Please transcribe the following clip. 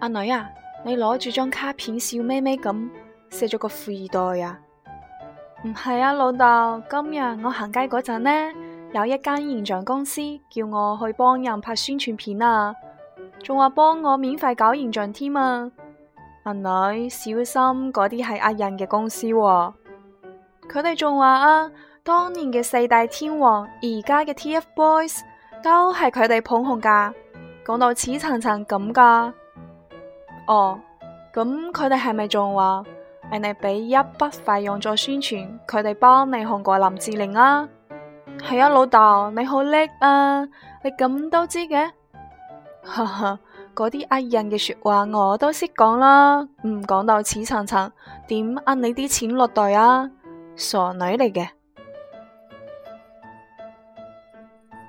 阿女啊，你攞住張卡片，笑眯眯咁，識咗個富二代啊？唔係啊，老豆，今日我行街嗰陣呢，有一間形象公司叫我去幫人拍宣傳片啊，仲話幫我免費搞形象添啊。阿女啊，小心，嗰啲係呃人嘅公司喎，佢哋仲話啊，當年嘅四大天王，而家嘅 TF Boys 都係佢哋捧紅噶，講到似層層咁噶。哦，咁佢哋係咪仲話係你畀一筆費用做宣傳，佢哋幫你紅過林志玲啊？係啊，老豆，你好叻啊，你咁都知嘅？哈哈，嗰啲呃人嘅說話我都識講啦，唔講到似層層，點呃你啲錢落袋啊？傻女嚟嘅。